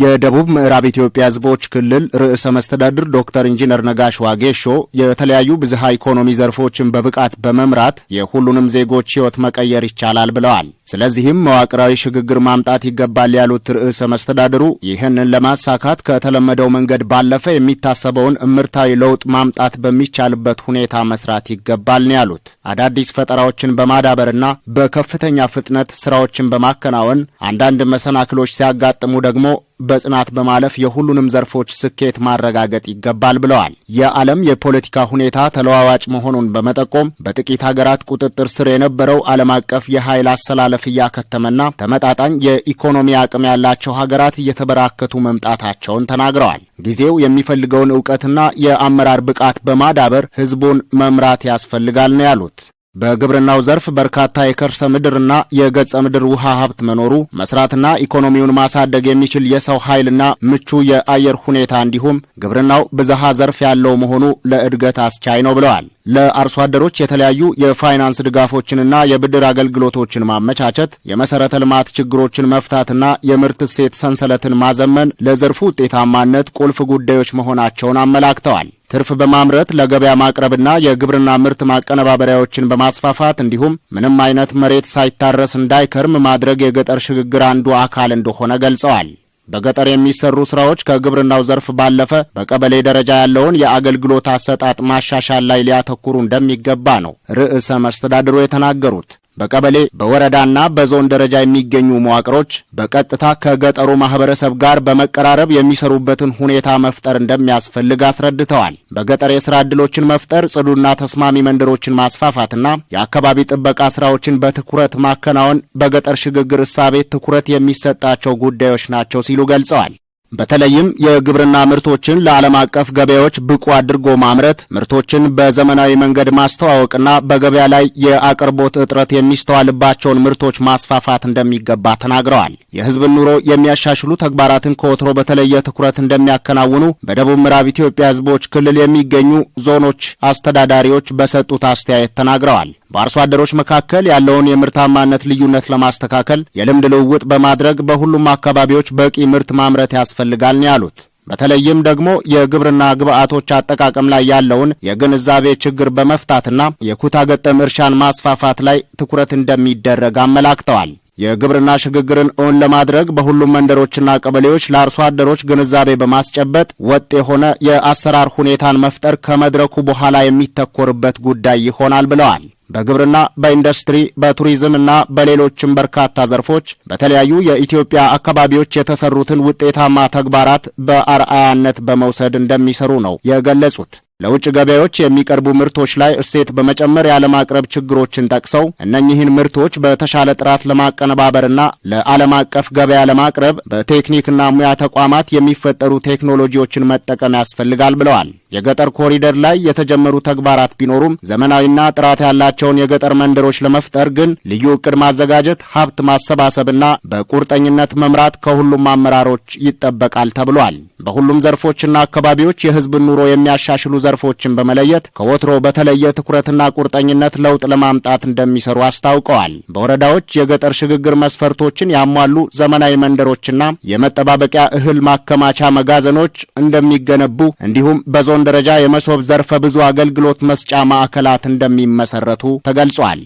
የደቡብ ምዕራብ ኢትዮጵያ ሕዝቦች ክልል ርዕሰ መስተዳድር ዶክተር ኢንጂነር ነጋሽ ዋጌሾ የተለያዩ ብዝሃ ኢኮኖሚ ዘርፎችን በብቃት በመምራት የሁሉንም ዜጎች ሕይወት መቀየር ይቻላል ብለዋል። ስለዚህም መዋቅራዊ ሽግግር ማምጣት ይገባል ያሉት ርዕሰ መስተዳድሩ ይህንን ለማሳካት ከተለመደው መንገድ ባለፈ የሚታሰበውን እምርታዊ ለውጥ ማምጣት በሚቻልበት ሁኔታ መስራት ይገባል ነው ያሉት። አዳዲስ ፈጠራዎችን በማዳበርና በከፍተኛ ፍጥነት ስራዎችን በማከናወን አንዳንድ መሰናክሎች ሲያጋጥሙ ደግሞ በጽናት በማለፍ የሁሉንም ዘርፎች ስኬት ማረጋገጥ ይገባል ብለዋል። የዓለም የፖለቲካ ሁኔታ ተለዋዋጭ መሆኑን በመጠቆም በጥቂት ሀገራት ቁጥጥር ስር የነበረው ዓለም አቀፍ የኃይል አሰላለፍ እያከተመና ተመጣጣኝ የኢኮኖሚ አቅም ያላቸው ሀገራት እየተበራከቱ መምጣታቸውን ተናግረዋል። ጊዜው የሚፈልገውን እውቀትና የአመራር ብቃት በማዳበር ህዝቡን መምራት ያስፈልጋል ነው ያሉት። በግብርናው ዘርፍ በርካታ የከርሰ ምድርና የገጸ ምድር ውሃ ሀብት መኖሩ መስራትና ኢኮኖሚውን ማሳደግ የሚችል የሰው ኃይልና ምቹ የአየር ሁኔታ እንዲሁም ግብርናው ብዝሃ ዘርፍ ያለው መሆኑ ለእድገት አስቻይ ነው ብለዋል። ለአርሶ አደሮች የተለያዩ የፋይናንስ ድጋፎችንና የብድር አገልግሎቶችን ማመቻቸት፣ የመሰረተ ልማት ችግሮችን መፍታትና የምርት እሴት ሰንሰለትን ማዘመን ለዘርፉ ውጤታማነት ቁልፍ ጉዳዮች መሆናቸውን አመላክተዋል። ትርፍ በማምረት ለገበያ ማቅረብና የግብርና ምርት ማቀነባበሪያዎችን በማስፋፋት እንዲሁም ምንም አይነት መሬት ሳይታረስ እንዳይከርም ማድረግ የገጠር ሽግግር አንዱ አካል እንደሆነ ገልጸዋል። በገጠር የሚሰሩ ስራዎች ከግብርናው ዘርፍ ባለፈ በቀበሌ ደረጃ ያለውን የአገልግሎት አሰጣጥ ማሻሻል ላይ ሊያተኩሩ እንደሚገባ ነው ርዕሰ መስተዳድሩ የተናገሩት። በቀበሌ በወረዳና በዞን ደረጃ የሚገኙ መዋቅሮች በቀጥታ ከገጠሩ ማህበረሰብ ጋር በመቀራረብ የሚሰሩበትን ሁኔታ መፍጠር እንደሚያስፈልግ አስረድተዋል። በገጠር የስራ ዕድሎችን መፍጠር፣ ጽዱና ተስማሚ መንደሮችን ማስፋፋትና የአካባቢ ጥበቃ ስራዎችን በትኩረት ማከናወን በገጠር ሽግግር እሳቤ ትኩረት የሚሰጣቸው ጉዳዮች ናቸው ሲሉ ገልጸዋል። በተለይም የግብርና ምርቶችን ለዓለም አቀፍ ገበያዎች ብቁ አድርጎ ማምረት፣ ምርቶችን በዘመናዊ መንገድ ማስተዋወቅና በገበያ ላይ የአቅርቦት እጥረት የሚስተዋልባቸውን ምርቶች ማስፋፋት እንደሚገባ ተናግረዋል። የህዝብ ኑሮ የሚያሻሽሉ ተግባራትን ከወትሮ በተለየ ትኩረት እንደሚያከናውኑ በደቡብ ምዕራብ ኢትዮጵያ ህዝቦች ክልል የሚገኙ ዞኖች አስተዳዳሪዎች በሰጡት አስተያየት ተናግረዋል። በአርሶ አደሮች መካከል ያለውን የምርታማነት ልዩነት ለማስተካከል የልምድ ልውውጥ በማድረግ በሁሉም አካባቢዎች በቂ ምርት ማምረት ያስፈልጋል ነው ያሉት። በተለይም ደግሞ የግብርና ግብዓቶች አጠቃቀም ላይ ያለውን የግንዛቤ ችግር በመፍታትና የኩታ ገጠም እርሻን ማስፋፋት ላይ ትኩረት እንደሚደረግ አመላክተዋል። የግብርና ሽግግርን እውን ለማድረግ በሁሉም መንደሮችና ቀበሌዎች ለአርሶ አደሮች ግንዛቤ በማስጨበጥ ወጥ የሆነ የአሰራር ሁኔታን መፍጠር ከመድረኩ በኋላ የሚተኮርበት ጉዳይ ይሆናል ብለዋል። በግብርና፣ በኢንዱስትሪ፣ በቱሪዝም እና በሌሎችም በርካታ ዘርፎች በተለያዩ የኢትዮጵያ አካባቢዎች የተሰሩትን ውጤታማ ተግባራት በአርአያነት በመውሰድ እንደሚሰሩ ነው የገለጹት። ለውጭ ገበያዎች የሚቀርቡ ምርቶች ላይ እሴት በመጨመር ያለማቅረብ ችግሮችን ጠቅሰው እነኚህን ምርቶች በተሻለ ጥራት ለማቀነባበርና ለዓለም አቀፍ ገበያ ለማቅረብ በቴክኒክና ሙያ ተቋማት የሚፈጠሩ ቴክኖሎጂዎችን መጠቀም ያስፈልጋል ብለዋል። የገጠር ኮሪደር ላይ የተጀመሩ ተግባራት ቢኖሩም ዘመናዊና ጥራት ያላቸውን የገጠር መንደሮች ለመፍጠር ግን ልዩ እቅድ ማዘጋጀት፣ ሀብት ማሰባሰብና በቁርጠኝነት መምራት ከሁሉም አመራሮች ይጠበቃል ተብሏል። በሁሉም ዘርፎችና አካባቢዎች የህዝብን ኑሮ የሚያሻሽሉ ዘ ዘርፎችን በመለየት ከወትሮ በተለየ ትኩረትና ቁርጠኝነት ለውጥ ለማምጣት እንደሚሰሩ አስታውቀዋል። በወረዳዎች የገጠር ሽግግር መስፈርቶችን ያሟሉ ዘመናዊ መንደሮችና የመጠባበቂያ እህል ማከማቻ መጋዘኖች እንደሚገነቡ እንዲሁም በዞን ደረጃ የመሶብ ዘርፈ ብዙ አገልግሎት መስጫ ማዕከላት እንደሚመሰረቱ ተገልጿል።